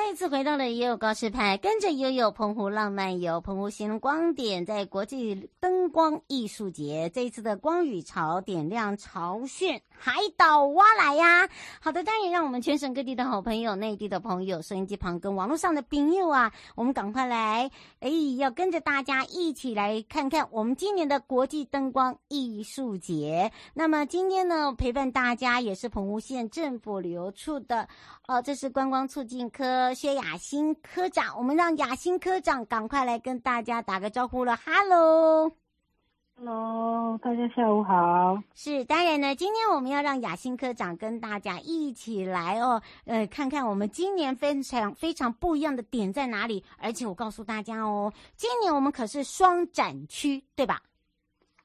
再一次回到了 YOYO 告示牌，跟着悠悠澎湖浪漫遊，澎湖新光點在國際燈光藝術節，這一次的光嶼潮點亮潮炫海島哇來呀、啊！好的，當然也讓我們全省各地的好朋友、內地的朋友、收音機旁跟網絡上的朋友啊，我們趕快來，哎，要跟着大家一起來看看我們今年的國際燈光藝術節。那麼今天呢，陪伴大家也是澎湖縣政府旅遊處的，哦、呃，這是觀光促進科。薛雅心科長，我們讓雅心科長趕快來跟大家打個招呼了。Hello，hello，Hello，大家下午好。是，當然呢，今天我們要讓雅心科長跟大家一起來哦，呃，看看我們今年非常非常不一樣的點在哪裡。而且我告訴大家哦，今年我們可是雙展區，對吧？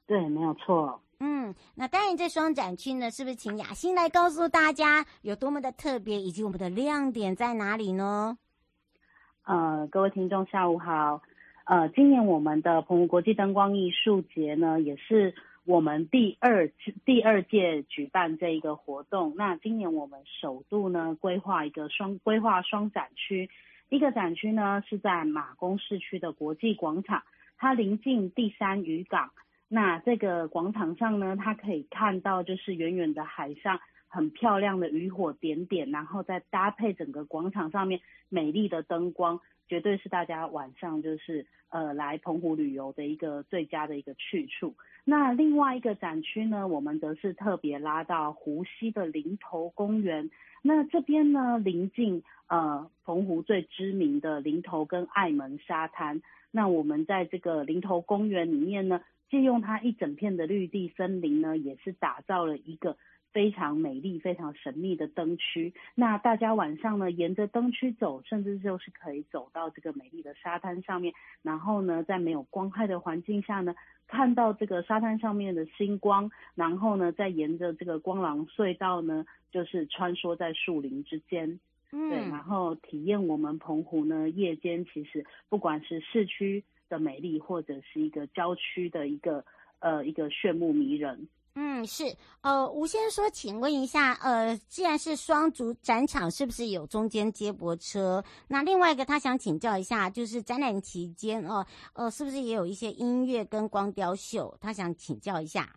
對，沒有錯。嗯，那當然，這雙展區呢，是不是請雅心來告訴大家有多麼的特別，以及我們的亮點在哪裡呢？呃，各位聽眾，下午好。呃，今年我們的澎湖國際燈光藝術節呢，也是我們第二第二屆舉辦這一個活動。那今年我們首度呢，規劃一個雙規劃雙展區，一個展區呢是在馬公市區的國際廣場，它臨近第三漁港。那這個廣場上呢，它可以看到就是遠遠的海上很漂亮的漁火點點，然後再搭配整個廣場上面美麗的燈光，絕對是大家晚上就是呃來澎湖旅遊的一個最佳的一個去處。那另外一個展區呢，我們則是特別拉到湖西的林投公園。那這邊呢，臨近呃澎湖最知名的林投跟隘門沙灘。那我們在這個林投公園裡面呢。借用它一整片的綠地森林呢，也是打造了一個非常美麗、非常神秘的燈區。那大家晚上呢，沿着燈區走，甚至就是可以走到這個美麗的沙灘上面，然後呢，在沒有光害的環境下呢，看到這個沙灘上面的星光，然後呢，再沿着這個光廊隧道呢，就是穿梭在樹林之間。嗯，對，然後體驗我們澎湖呢，夜間其實不管是市區。的美麗，或者是一個郊區的一個呃一個炫目迷人。嗯，是。呃，吳先生說，請問一下，呃，既然是雙足展場，是不是有中間接駁車？那另外一個，他想請教一下，就是展覽期間哦、呃，呃，是不是也有一些音樂跟光雕秀？他想請教一下。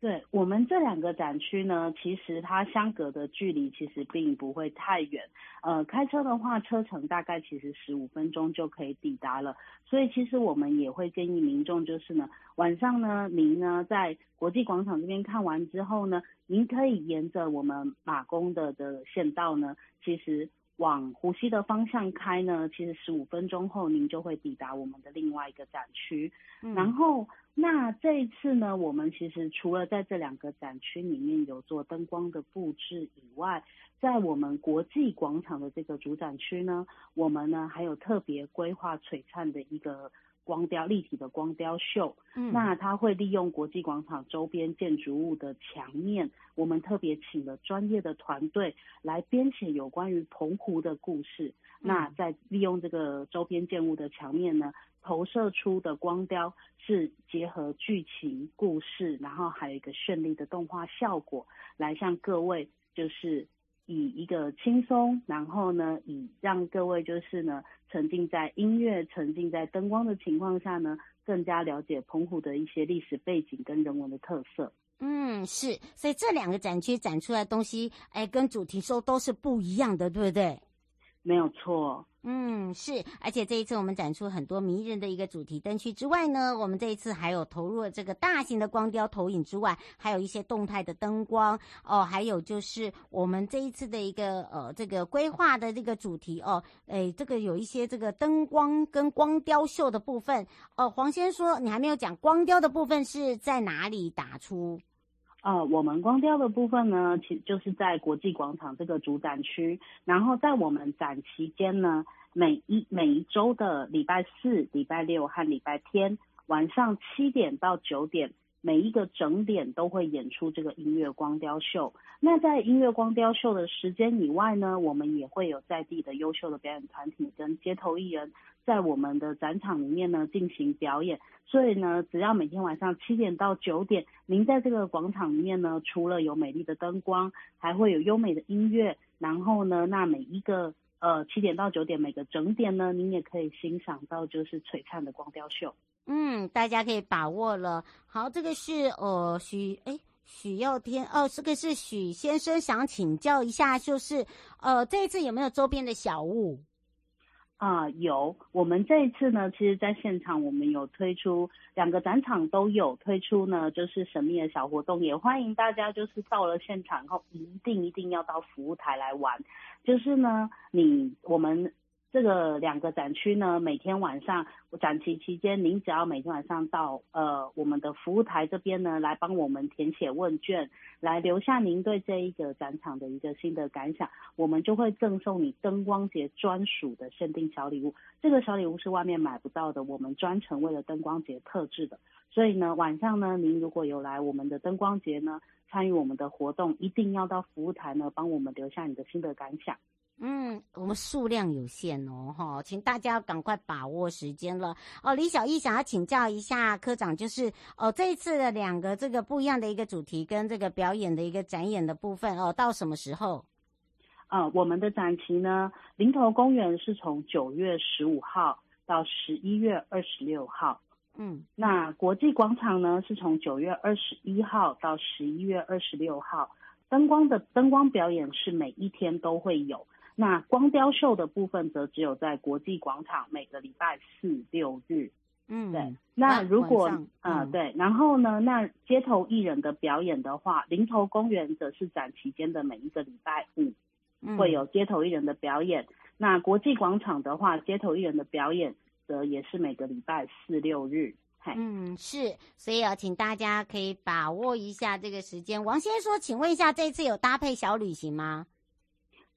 對我們這兩個展區呢，其實它相隔的距離其實並不會太遠，呃，開車的話車程大概其實十五分鐘就可以抵達了。所以其實我們也會建議民眾就是呢，晚上呢，您呢在國際廣場這邊看完之後呢，您可以沿着我們馬公的的縣道呢，其實。往湖西的方向開呢，其實十五分鐘後您就會抵達我們的另外一個展區。嗯、然後，那這一次呢，我們其實除了在這兩個展區裡面有做燈光的布置以外，在我們國際廣場的這個主展區呢，我們呢還有特別規劃璀璨的一個。光雕立體的光雕秀，嗯，那它會利用國際廣場周邊建築物的牆面，我們特別請了專業的團隊來編寫有關於澎湖的故事，嗯，那在利用這個周邊建物的牆面呢，投射出的光雕是結合劇情故事，然後還有一個絢麗的動畫效果，來向各位就是。以一個輕鬆，然後呢，以讓各位就是呢，沉浸在音樂、沉浸在燈光的情況下呢，更加了解澎湖的一些歷史背景跟人文的特色。嗯，是，所以這兩個展區展出來的東西，哎，跟主題說都是不一樣的，對不對？沒有錯，嗯，是，而且這一次我們展出很多迷人的一個主題燈區之外呢，我們這一次還有投入了這個大型的光雕投影之外，還有一些動態的燈光哦，還有就是我們這一次的一個呃這個規劃的這個主題哦，哎，這個有一些這個燈光跟光雕秀的部分哦，黃先說你還沒有講光雕的部分是在哪裡打出？啊、呃，我們光雕的部分呢，其實就是在國際廣場這個主展區。然後在我們展期間呢，每一每一周的禮拜四、禮拜六和禮拜天晚上七點到九點，每一個整點都會演出這個音樂光雕秀。那在音樂光雕秀的時間以外呢，我們也會有在地的優秀的表演團體跟街頭藝人。在我們的展場裡面呢，進行表演，所以呢，只要每天晚上七點到九點，您在這個廣場裡面呢，除了有美麗的燈光，還會有優美的音樂，然後呢，那每一個呃七點到九點每個整點呢，您也可以欣賞到就是璀璨的光雕秀。嗯，大家可以把握了。好，這個是呃許哎許耀天哦，這個是許先生，想請教一下，就是呃這一次有沒有周邊的小物？啊，有，我們這一次呢，其實在現場我們有推出，兩個展場都有推出呢，就是神秘的小活動，也歡迎大家就是到了現場後，一定一定要到服務台來玩，就是呢，你，我們。這個兩個展區呢，每天晚上展期期間，您只要每天晚上到呃我們的服務台這邊呢，來幫我們填寫問卷，來留下您對這一個展場的一個心得感想，我們就會贈送你燈光節專屬的限定小禮物。這個小禮物是外面買不到的，我們專程為了燈光節特製的。所以呢，晚上呢，您如果有來我們的燈光節呢，參與我們的活動，一定要到服務台呢幫我們留下你的心得感想。嗯，我們數量有限哦，齁，請大家趕快把握時間了哦。李小藝想要請教一下科長，就是哦，這一次的兩個這個不一樣的一個主題跟這個表演的一個展演的部分哦，到什麼時候？呃，我們的展期呢，林投公園是從九月十五號到十一月二十六號，嗯，那國際廣場呢是從九月二十一號到十一月二十六號，燈光的燈光表演是每一天都會有。那光雕秀的部分則只有在國際廣場，每個禮拜四、六日。嗯，對。那如果，啊上，對、呃。然後呢，嗯、那街頭藝人的表演的話，林投公園則是展期間的每一個禮拜五、嗯、會有街頭藝人的表演。嗯、那國際廣場的話，街頭藝人的表演則也是每個禮拜四、六日。嘿嗯，是。所以啊，請大家可以把握一下這個時間。王先生，說，請問一下，這次有搭配小旅行嗎？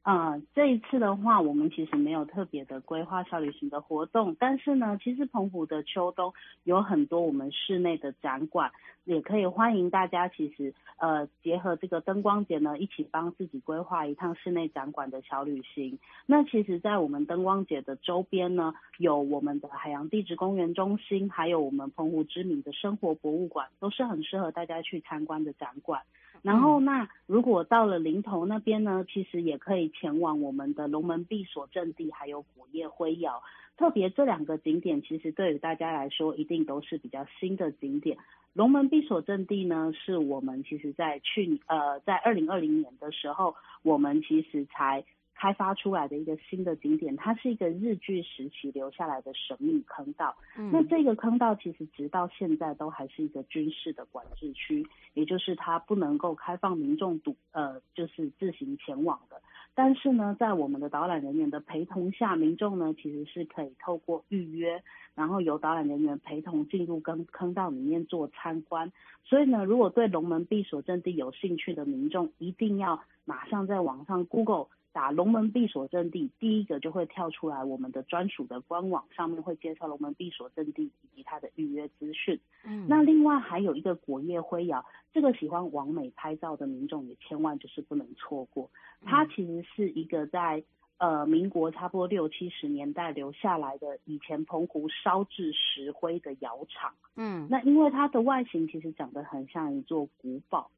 啊、呃，這一次的話，我們其實沒有特別的規劃小旅行的活動，但是呢，其實澎湖的秋冬有很多我們室內的展館。也可以歡迎大家，其實呃結合這個燈光節呢，一起幫自己規劃一趟室內展館的小旅行。那其實，在我們燈光節的周邊呢，有我們的海洋地質公園中心，還有我們澎湖知名的生活博物館，都是很適合大家去參觀的展館。嗯、然後，那如果到了林投那邊呢，其實也可以前往我們的龍門閉鎖陣地，還有果葉灰窯。特別這兩個景點，其實，對於大家來說一定都是比較新的景點。龍門閉鎖陣地呢，是我們其實在去呃，在二零二零年的時候，我們其實才開發出來的一個新的景點。它是一個日據時期留下來的神秘坑道。嗯、那這個坑道其實直到現在都還是一個軍事的管制區，也就是它不能夠開放民眾獨呃，就是自行前往的。但是呢，在我們的導覽人員的陪同下，民眾呢其實是可以透過預約，然後由導覽人員陪同進入坑坑道裡面做參觀。所以呢，如果對龍門閉鎖陣地有興趣的民眾，一定要馬上在網上 Google。打龍門閉鎖陣地，第一個就會跳出來我們的專屬的官網上面，會介紹龍門閉鎖陣地以及它的預約資訊。嗯，那另外還有一個果葉灰窯，這個喜歡網美拍照的民眾也千萬就是不能錯過。嗯、它其實是一個在呃民國差不多六七十年代留下來的以前澎湖燒制石灰的窯廠。嗯，那因為它的外形其實長得很像一座古堡。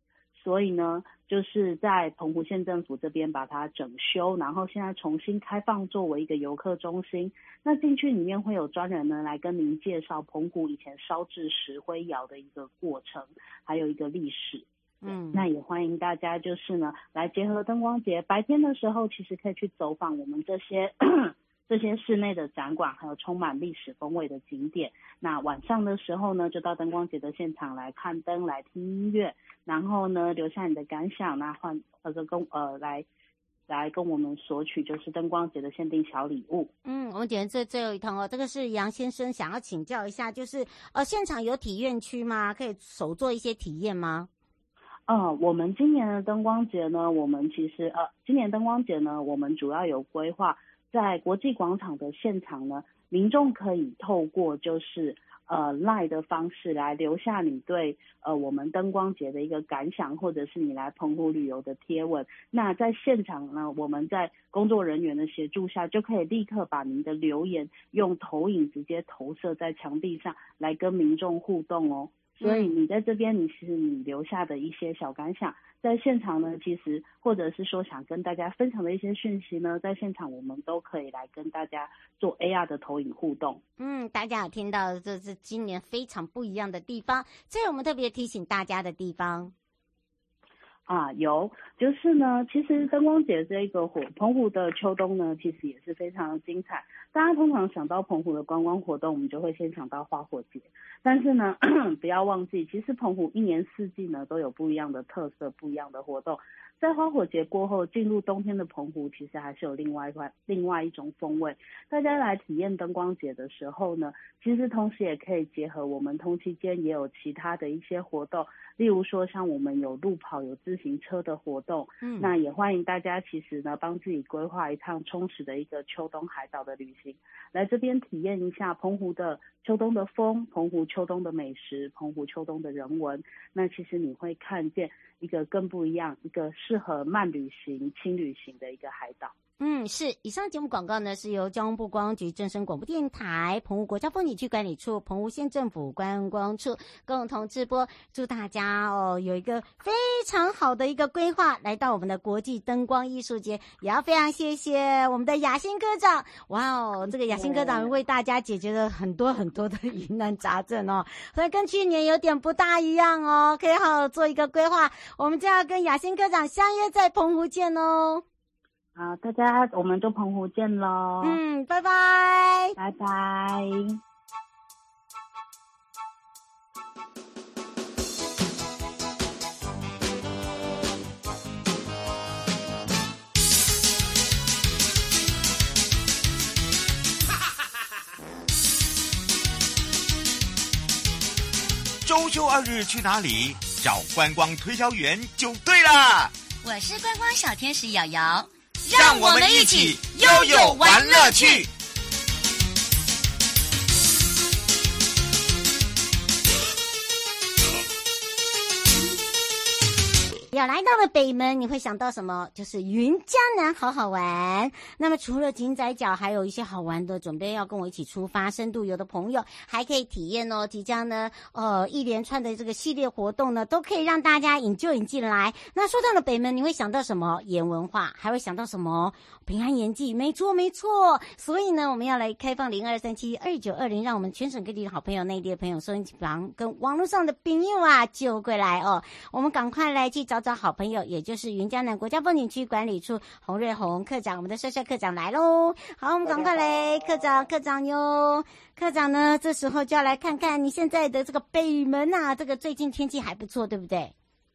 所以呢，就是在澎湖縣政府這邊把它整修，然後現在重新開放作為一個遊客中心。那進去裡面會有專人呢來跟您介紹澎湖以前燒制石灰窑的一個過程，還有一個歷史。嗯，那也歡迎大家就是呢來結合燈光節，白天的時候其實可以去走訪我們這些。 這些室內的展館，還有充滿歷史風味的景點。那晚上的時候呢，就到燈光節的現場來看燈，來聽音樂，然後呢留下你的感想，那換或者跟呃，呃來來跟我們索取就是燈光節的限定小禮物。嗯，我們點這最後一通哦，這個是楊先生想要請教一下，就是呃現場有體驗區嗎？可以手做一些體驗嗎？嗯、呃，我們今年的燈光節呢，我們其實呃今年燈光節呢，我們主要有規劃。在國際廣場的現場呢，民眾可以透過就是呃 LINE 的方式來留下你對呃我們燈光節的一個感想，或者是你來澎湖旅遊的貼文。那在現場呢，我們在工作人員的協助下，就可以立刻把您的留言用投影直接投射在牆壁上，來跟民眾互動哦。所以你在這邊，你其實你留下的一些小感想，在現場呢，其實或者是說想跟大家分享的一些訊息呢，在現場我們都可以來跟大家做 AR 的投影互動。嗯，大家有聽到這是今年非常不一樣的地方，這是我們特別提醒大家的地方啊，有就是呢，其實燈光節這個火澎湖的秋冬呢，其實也是非常的精彩。大家通常想到澎湖的觀光活動，我們就會先想到花火節。但是呢， 不要忘記，其實澎湖一年四季呢都有不一樣的特色、不一樣的活動。在花火節過後，進入冬天的澎湖，其實還是有另外一塊、另外一種風味。大家來體驗燈光節的時候呢，其實同時也可以結合我們同期間也有其他的一些活動，例如說像我們有路跑、有自行車的活動。嗯，那也歡迎大家，其實呢幫自己規劃一趟充實的一個秋冬海島的旅行。來這邊體驗一下澎湖的秋冬的風，澎湖秋冬的美食，澎湖秋冬的人文。那其實你會看見一個更不一樣，一個適合慢旅行、輕旅行的一個海島。嗯，是。以上節目廣告呢，是由交通部觀光局、正聲廣播電台、澎湖國家風景區管理處、澎湖縣政府觀光處共同直播。祝大家哦，有一個非常好的一個規劃來到我們的國際燈光藝術節。也要非常謝謝我們的雅心科長，哇哦，這個雅心科長為大家解決了很多很多的疑難雜症哦。所以跟去年有點不大一樣哦，可以好好做一個規劃。我們就要跟雅心科長相約在澎湖見哦。好，大家，我們就澎湖見嘍！嗯，拜拜，拜拜。週休二日去哪裡？找觀光推銷員就對了。我是觀光小天使瑤瑤。讓我們一起 YOYO 玩樂趣。來到了北門，你會想到什麼？就是雲嘉南好好玩。那麼除了井仔腳，還有一些好玩的，準備要跟我一起出發深度遊的朋友，還可以體驗哦。即將呢，呃，一連串的這個系列活動呢，都可以讓大家引，就引進來。那說到了北門，你會想到什麼？鹽文化，還會想到什麼？平安鹽祭，沒錯沒錯。所以呢，我們要來開放零二三七二九二零，讓我們全省各地的好朋友、內地的朋友收音機旁跟網絡上的朋友啊就過來哦。我們趕快來去找找。好朋友，也就是雲嘉南國家風景區管理處洪瑞鴻科長，我們的帥帥科長來嘍。好，我們趕快來，您好。科長，科長喲，科長呢？這時候就要來看看你現在的這個北門啊，這個最近天氣還不錯，對不對？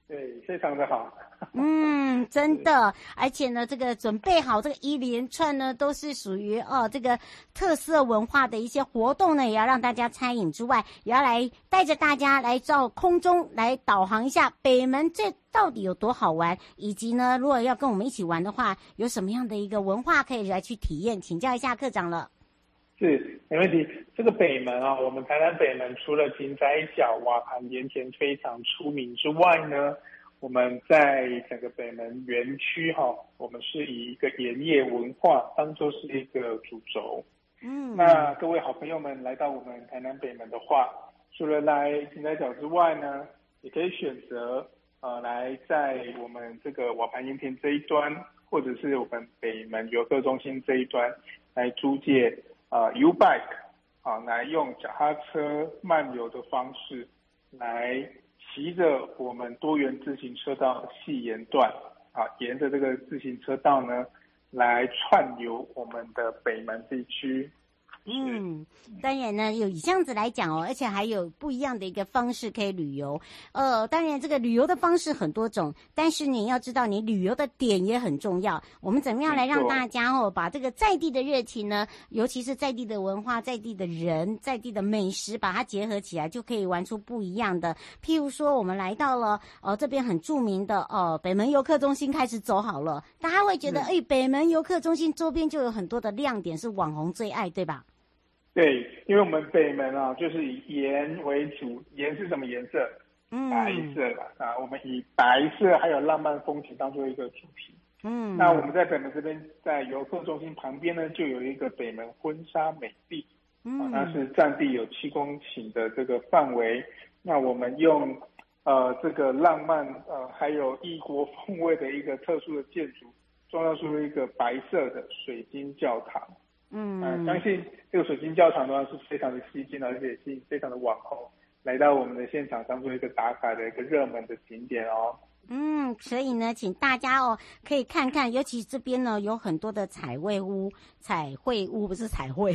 對，非常的好。 嗯，真的，而且呢，這個準備好這個一連串呢，都是屬於哦這個特色文化的一些活動呢，也要讓大家參與之外，也要來帶着大家來到空中來導航一下北門，這到底有多好玩？以及呢，如果要跟我們一起玩的話，有什麼樣的一個文化可以來去體驗？請教一下科長了，是沒問題。這個北門啊，我們台南北門除了井仔腳瓦盤鹽田非常出名之外呢，我們在整個北門園區，哈，我們是以一個鹽業文化當做是一個主軸。嗯，那各位好朋友們來到我們台南北門的話，除了來停車場之外呢，也可以選擇，呃，來在我們這個瓦盤鹽田這一端，或者是我們北門遊客中心這一端來租借啊、呃、U bike 啊、呃，來用腳踏車漫遊的方式來。騎着我們多元自行車道系沿段啊，沿着這個自行車道呢，來串流我們的北門地區。嗯，當然呢，有以這樣子來講哦，而且還有不一樣的一個方式可以旅遊。呃，當然這個旅遊的方式很多種，但是你要知道，你旅遊的點也很重要。我們怎麼樣來讓大家哦，把這個在地的熱情呢，尤其是在地的文化、在地的人、在地的美食，把它結合起來，就可以玩出不一樣的。譬如說，我們來到了哦、呃、這邊很著名的哦、呃、北門遊客中心，開始走好了，大家會覺得哎、嗯欸，北門遊客中心周邊就有很多的亮點，是網紅最愛，對吧？對，因為我們北門啊，就是以鹽為主，鹽是什麼顏色？白色吧。嗯、啊，我們以白色還有浪漫風情當做一個主題。嗯。那我們在北門這邊，在遊客中心旁邊呢，就有一個北門婚紗美地。嗯、啊。它是占地有七公頃的這個範圍。那我們用呃這個浪漫呃還有異國風味的一個特殊的建築，裝造出了一個白色的水晶教堂。嗯，相信、嗯、這個水晶教堂的話是非常的吸睛，而且也是非常的網紅，來到我們的現場當中一個打卡的一個熱門的景點哦。嗯，所以呢，請大家哦可以看看，尤其這邊呢有很多的彩繪屋，彩繪屋不是彩繪。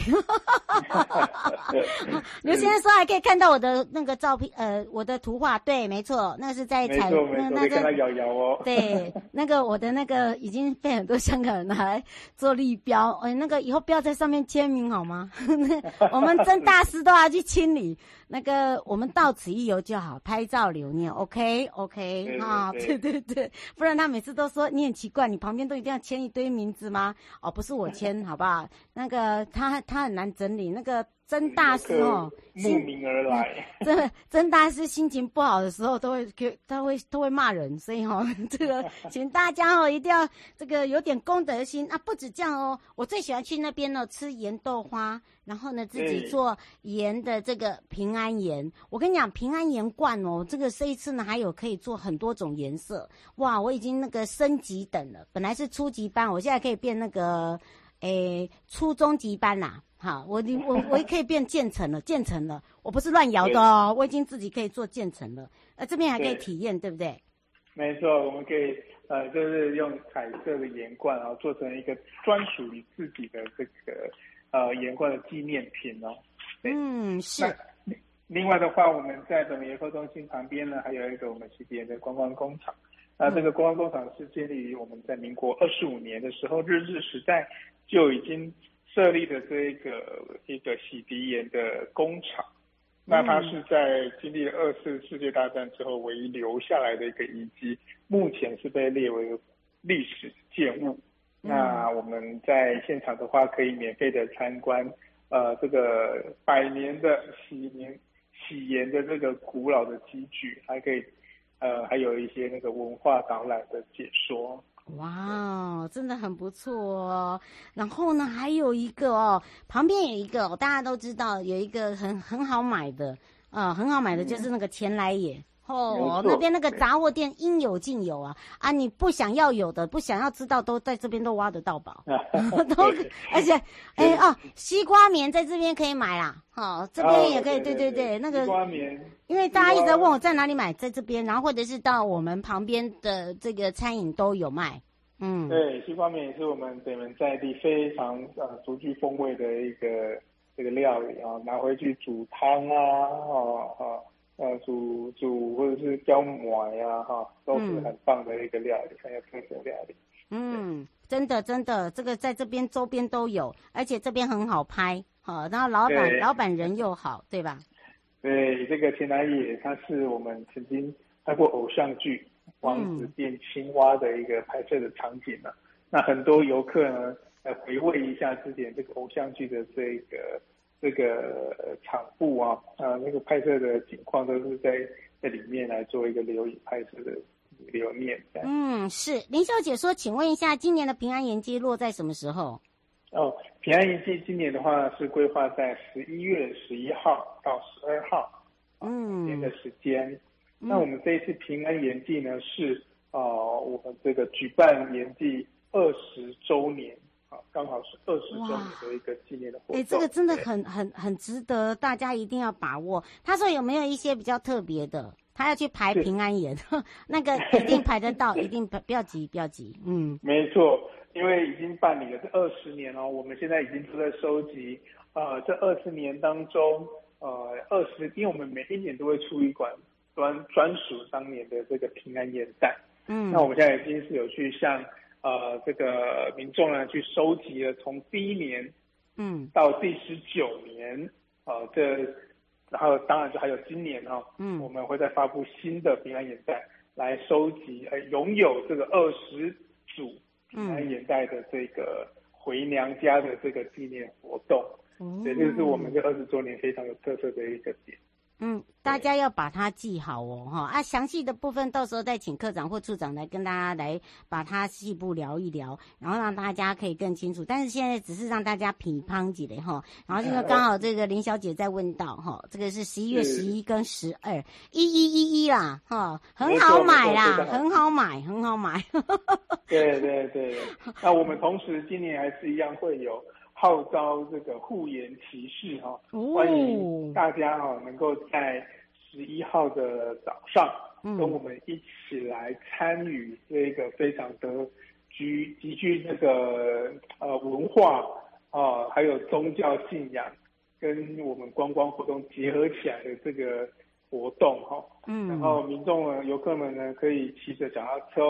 劉先生說還可以看到我的那個照片，呃，我的圖畫。對，沒錯，那個、是在彩。沒錯，沒那搖、個、搖哦。對，那個我的那個已經被很多香港人拿來做立標。哎、欸，那個以後不要在上面簽名好嗎？ 我們真大師都要去清理。 那個我們到此一遊就好，拍照留念。OK，OK okay, okay, 對啊。對對對，不然他每次都說，你很奇怪，你旁邊都一定要簽一堆名字嗎？哦，不是我簽，好不好？那個他他很難整理。那個曾大師哦，慕名而來。嗯、真的，曾大師心情不好的時候都會，他會都會，都會罵人，所以哦，這個請大家哦一定要這個有點公德心。啊，不止這樣哦，我最喜歡去那邊哦吃鹽豆花。然後呢，自己做鹽的這個平安鹽。對我跟你講，平安鹽罐哦，這個這一次呢，還有可以做很多種顏色。哇，我已經那個升級等了，本來是初級班，我現在可以變那個，誒，初中級班啦。好，我我我也可以變漸層了， 漸層了。我不是亂搖的哦，對我已經自己可以做漸層了。呃，這邊還可以體驗，對，對不對？沒錯，我們可以呃，就是用彩色的鹽罐然後做成一個專屬於自己的這個。呃，鹽罐的紀念品哦，嗯是。那，另外的話，我們在總研科中心旁邊呢，還有一個我們洗滌鹽的觀光工廠。嗯、那這個觀光工廠是建立於我們在民國二十五年的時候，日治時代就已經設立的這個一、這個洗滌鹽的工廠。那它是在經歷了二次世界大戰之後，唯一留下來的一個遺跡，目前是被列為歷史建物。那我們在現場的話，可以免費的參觀，嗯、呃，這個百年的洗鹽洗鹽的這個古老的器具，還可以，呃，還有一些那個文化導覽的解說。哇，哦，真的很不錯哦。然後呢，還有一個哦，旁邊有一個大家都知道，有一個很很好買的啊、呃，很好買的就是那個錢來也。嗯哦，那邊那個雜貨店應有盡有啊！啊，你不想要有的，不想要知道，都在這邊都挖得到寶，都而且，哎哦，西瓜棉在這邊可以買啦。哦，這邊也可以，對對對，那個西瓜棉，因為大家一直在問我在哪裡買，在這邊，然後或者是到我們旁邊的這個餐飲都有賣。嗯，對，西瓜棉也是我們北門在地非常呃獨具風味的一個這個料理啊，拿回去煮湯啊，哦哦。啊、煮煮或者是澆饃呀，哈，都是很棒的一個料理，嗯、很有特色料理。嗯，真的對，真的，這個在這邊周邊都有，而且這邊很好拍，好，然後老闆對老闆人又好，對吧？對，這個錢來也，他是我們曾經拍過偶像劇《王子變青蛙》的一個拍攝的場景了、啊。嗯、那很多遊客呢來回味一下之前這個偶像劇的這個。這個場佈啊，呃，那個拍攝的情況都是在在裡面來做一個留影，拍攝的留念。嗯，是林小姐說，請問一下，今年的平安鹽祭落在什麼時候？哦，平安鹽祭今年的話是規劃在十一月十一號到十二號，啊，嗯，兩天的時間。嗯，那我們這一次平安鹽祭呢，是啊，呃，我們這個舉辦鹽祭二十周年。好，剛好是二十週年的一個紀念的活動，哎、欸，這個真的很對很很值得大家一定要把握。他說有沒有一些比較特別的，他要去排平安鹽。是 那個一定排得到， 一定不要急不要急。嗯，沒錯，因為已經辦理了這二十年哦，我們現在已經都在收集，呃，這二十年當中，呃，二十，因為我們每一年都會出一款專專,專屬當年的這個平安鹽袋，嗯，那我們現在已經是有去向。呃，這個民眾呢，去收集了從第一年，第年，嗯，到第十九年，呃，這，然後當然就還有今年哈，哦，嗯，我們會再發布新的平安鹽袋，來收集，哎，擁有這個二十組平安鹽袋的這個回娘家的這個紀念活動，也，嗯，就是我們這二十周年非常有特色的一個點。嗯，大家要把它記好哦，哈對啊，詳細的部分到時候再請科長或處長來跟大家來把它細部聊一聊，然後讓大家可以更清楚。但是現在只是讓大家品胖幾嘞哈，然後這個剛好這個林小姐在問到哈，呃、這個是十一月十一跟十二對，一一一一啦，哈、哦，對很好買啦，很好買，很好買。對對對， 那我們同時今年還是一樣會有。號召這個護鹽騎士哈，歡迎大家哈、啊，能夠在十一號的早上跟我們一起來參與這個非常的具極具這個呃文化啊，還有宗教信仰跟我們觀光活動結合起來的這個活動哈、啊。嗯，然後民眾呢，遊客們呢，可以騎着腳踏車，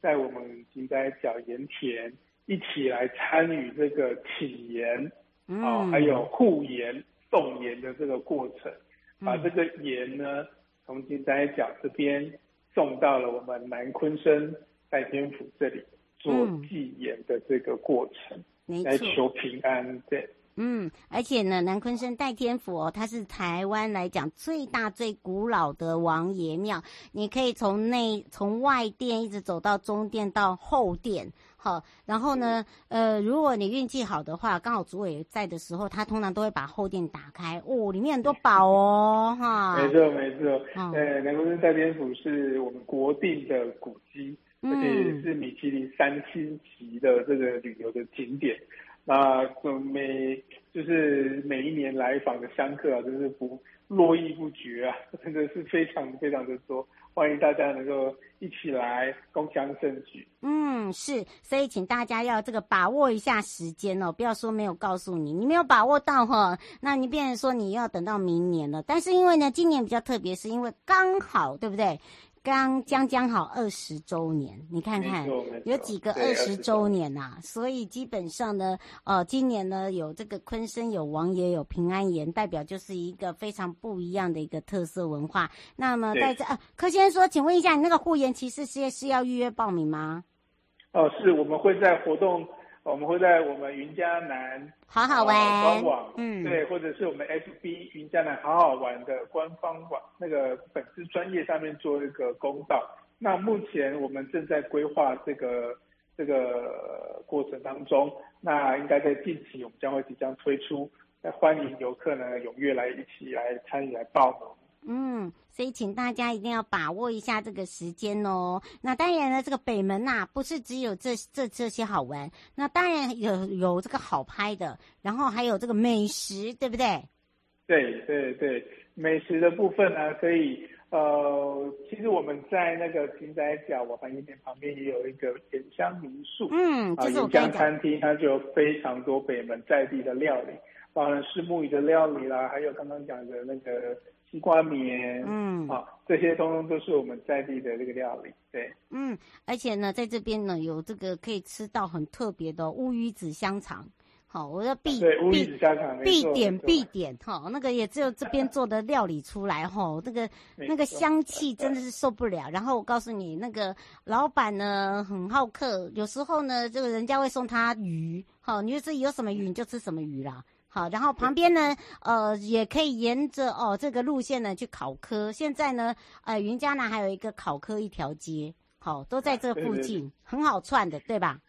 在我們井仔腳鹽田。一起來參與這個請鹽，啊、嗯哦，還有護鹽、送鹽的這個過程，嗯、把這個鹽呢，從井仔腳這邊送到了我們南鯤鯓代天府這裡做祭鹽的這個過程，嗯、來求平安，對。嗯，而且呢，南鯤鯓代天府，哦，它是台灣來講最大最古老的王爺廟。你可以從內從外殿一直走到中殿到後殿，好。然後呢，嗯、呃，如果你運氣好的話，剛好主委在的時候，他通常都會把後殿打開。哦，裡面很多寶哦，錯哈。沒錯錯，沒錯好。呃、欸、南鯤鯓代天府是我們國定的古蹟，嗯、而且是米其林三星級的這個旅遊的景點。那準備。就是每一年來訪的香客啊，真、就是不絡繹不絕啊，真的是非常非常的多。歡迎大家能夠一起來共襄盛舉。嗯，是，所以請大家要這個把握一下時間哦，不要說沒有告訴你，你沒有把握到哈，那你變成說你要等到明年了。但是因為呢，今年比較特別，是因為剛好對不對？剛將將好二十周年，你看看有幾個二十周年吶、啊？年所以基本上呢，哦、呃，今年呢有這個鯤鯓有王爺有平安鹽，代表就是一個非常不一樣的一個特色文化。那麼在這對、啊，柯先生說，請問一下，你那個護眼其實是是要預約報名嗎？哦、呃，是我們會在活動。我們會在我們雲嘉南好好,好玩官網，對嗯，對，或者是我們 FB 雲嘉南好好玩的官方網那個粉絲專頁上面做一個公告。那目前我們正在規劃這個這個過程當中，那應該在近期我們將會即將推出，那歡迎遊客呢踴躍來一起來參與來報名。嗯，所以請大家一定要把握一下這個時間哦。那當然呢，這個北門吶、啊，不是只有這這這些好玩，那當然有有這個好拍的，然後還有這個美食，對不對？對對對，美食的部分呢、啊，所以呃，其實我們在那個平仔腳瓦盤街旁邊也有一個鹽鄉民宿，嗯、啊、就是，鹽鄉餐廳，它就有非常多北門在地的料理，包含了虱目魚的料理啦，還有剛剛講的那個。西瓜棉，嗯，好、啊，這些通通都是我們在地的這個料理。對，嗯，而且呢，在這邊呢有這個可以吃到很特別的烏魚子香腸，好，我要必、啊、對，烏魚子香腸，沒錯，必必點必點哈，沒錯、哦，那個也只有這邊做的料理出來哈，那，哦，這個沒錯，那個香氣真的是受不了。對對對，然後我告訴你，那個老闆呢很好客，有時候呢這個人家會送他魚，好，哦，你就是有什麼魚你就吃什麼魚啦。嗯好，然後旁邊呢，對呃，也可以沿着哦這個路線呢去考科。現在呢，呃，雲嘉南還有一個考科一條街，好、哦，都在這附近，很好串的，對吧？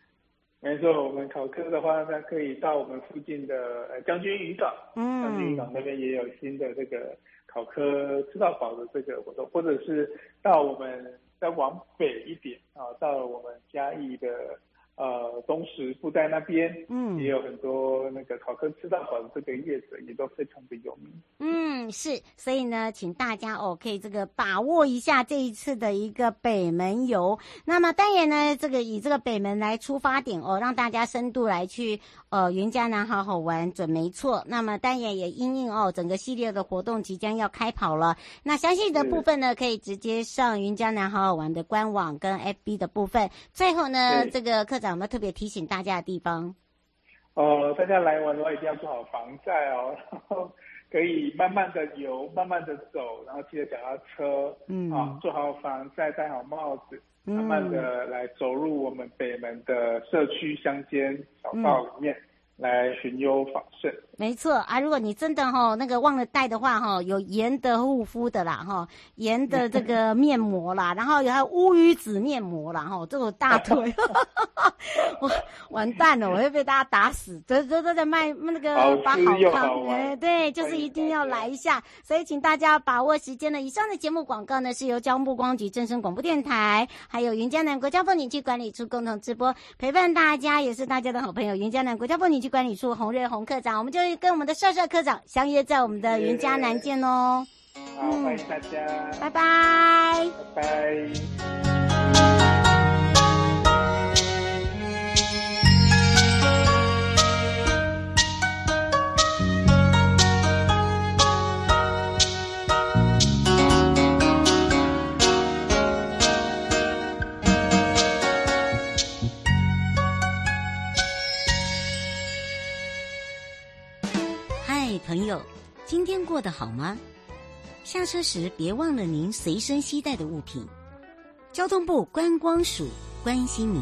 沒錯，我們考科的話，它可以到我們附近的呃，將軍漁港，將軍漁港那邊也有新的這個考科吃到飽的這個活動，嗯、或者是到我們再往北一點啊，到了我們嘉義的。呃，東石布袋那邊，嗯，也有很多那個烤蚵吃到飽的這個葉子也都非常的有名，嗯，是，所以呢，請大家哦，可以這個把握一下這一次的一個北門遊。那麼，單爺呢，這個以這個北門來出發點哦，讓大家深度來去呃雲嘉南好好玩，準沒錯。那麼，但爺也因應哦，整個系列的活動即將要開跑了。那詳細的部分呢，對可以直接上雲嘉南好好玩的官網跟 FB 的部分。最後呢，對這個客，有沒有特別提醒大家的地方？哦、呃，大家來玩的話一定要做好防曬哦，然後可以慢慢的遊，慢慢的走，然後記得腳踏車，嗯啊，做好防曬，戴好帽子，慢慢的來走入我們北門的社區鄉間小道裡面、嗯、來尋幽訪勝。沒錯啊，如果你真的哈那個忘了帶的話哈，有鹽的護膚的啦哈，鹽的這個面膜啦，然後有還有烏魚子面膜啦哈，這個大腿，哈哈哈，我完蛋了，我要被大家打死， 都都都在賣那個把好康。哎、欸，對，就是一定要來一下，所以請大家把握時間呢。以上的節目廣告呢，是由交通部光局正聲廣播電台，還有雲嘉南國家風景區管理處共同直播，陪伴大家也是大家的好朋友。雲嘉南國家風景區管理處洪瑞鴻科長，我們就。跟我們的帥帥科長相約在我們的雲嘉南見哦。的嗯，歡迎大家，拜拜，拜拜。朋友，今天過得好嗎？下車時別忘了您隨身攜帶的物品。交通部觀光署關心您。